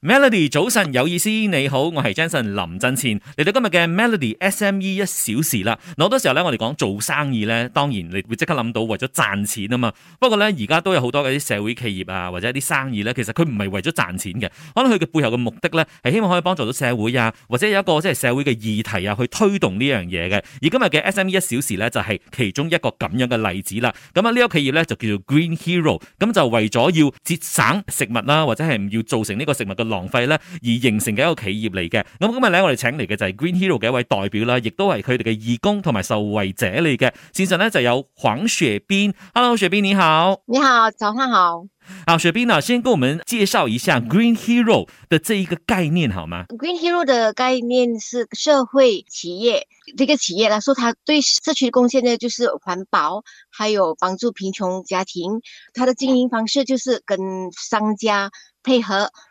Melody，早晨有意思，你好，我係 Jason 林振倩。嚟到今日嘅 Melody SME 一小時啦。好多時候咧，我哋講做生意咧，當然你會即刻諗到為咗賺錢啊嘛。不過咧，而家都有好多嘅啲社會企業啊，或者一啲生意咧，其實佢唔係為咗賺錢嘅，可能佢嘅背後嘅目的咧，係希望可以幫助到社會啊，或者有一個即係社會嘅議題啊，去推動呢樣嘢嘅。而今日嘅 SME 一小時咧，就係其中一個咁樣嘅例子啦。咁啊，呢個企業咧就叫做 Green Hero，咁就為咗要節省食物啦，或者係唔要造成呢個食物嘅。浪費咧而形成嘅一個企業嚟嘅，咁今日咧我哋請嚟嘅就係 Green Hero 嘅一位代表啦，亦都係佢哋嘅義工同埋受惠者嚟嘅。線上咧就有黃雪冰，Hello，雪冰你好，你好，早上好。好、啊，雪冰啊，先跟我們介紹一下 Green Hero 的這一個概念好嗎？Green Hero 的概念是社會企業，呢、這個企業來說，它對社區貢獻呢，就是環保，還有幫助貧窮家庭。它的經營方式就是跟商家配合。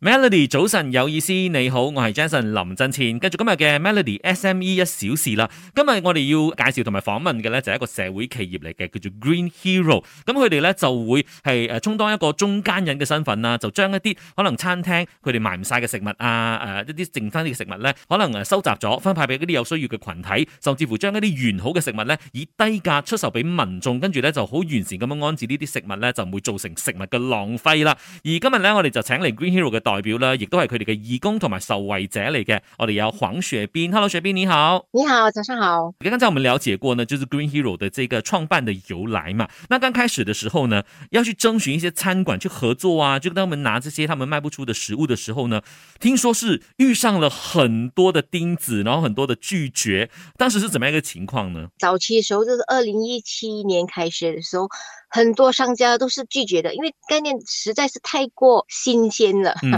Melody，早晨有意思，你好，我係 Jason 林振前，繼續今日嘅 Melody SME 一小時啦。今日我哋要介紹同埋訪問嘅咧就係一個社會企業嚟嘅，叫做 Green Hero，嗯。咁佢哋咧就會係誒充當一個中間人嘅身份啦，就將一啲可能餐廳佢哋賣唔晒嘅食物啊、誒、啊、一啲剩翻啲嘅食物咧，可能誒收集咗，分派俾一啲有需要嘅群體，甚至乎將一啲完好嘅食物咧以低價出售俾民眾，跟住咧就好完善咁樣安置呢啲食物咧，就唔會造成食物嘅浪費啦。而今日咧我哋就請嚟 Green Hero 嘅。代表呢，亦都係佢哋嘅義工同埋受惠者嚟嘅。我哋有黃雪冰，Hello 雪冰，你好，你好，早上好。剛才我們了解過呢，就是 Green Hero 的這個創辦的由來嘛。那剛開始的時候呢，要去徵詢一些餐館去合作啊，就跟他們拿這些他們賣不出的食物的時候呢，聽說是遇上了很多的釘子，然後很多的拒絕。當時是怎麼樣一個情況呢？早期的時候就是二零一七年開始的時候，很多商家都是拒絕的，因為概念實在是太過新鮮了。嗯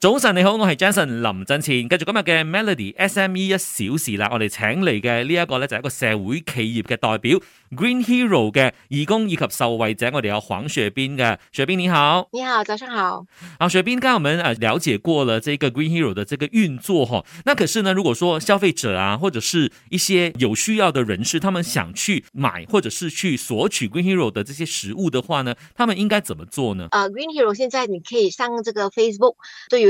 早晨，你好，我係 Jason 林振前，繼續今日嘅 Melody SME 一小時啦。我哋請嚟嘅呢一個咧就係、是、一個社會企業嘅代表 Green Hero 嘅義工以及受惠者，我哋有黃雪冰嘅，雪冰你好，你好，早上好。啊雪冰，剛我們、啊、了解過了，這個 Green Hero 的這個運作嗬、啊，那可是呢，如果說消費者啊或者是一些有需要的人士，他們想去買，或者是去索取 Green Hero 的這些食物的話呢，他們應該怎麼做呢？啊、uh,，Green Hero 現在你可以上這個 Facebook，對於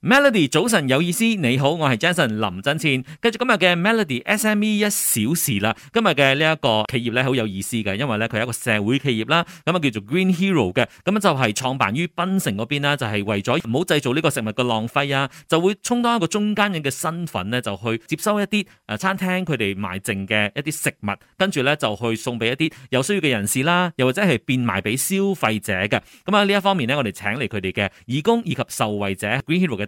Melody 早晨，有意思，你好，我係 Jason 林真倩，繼續今日嘅 Melody SME 一小時啦，今日嘅呢一個企業咧好有意思嘅，因為咧佢係一個社會企業啦，咁啊叫做 Green Hero 嘅，咁就係創辦於檳城嗰邊啦，就係、是、為咗唔好製造呢個食物嘅浪費啊，就會充當一個中間人嘅身份咧，就去接收一啲誒餐廳佢哋賣剩嘅一啲食物，跟住咧就去送俾一啲有需要嘅人士啦，又或者係變賣俾消費者嘅。咁啊呢一方面呢，我哋請嚟佢哋嘅義工以及受惠者 Green Hero 嘅。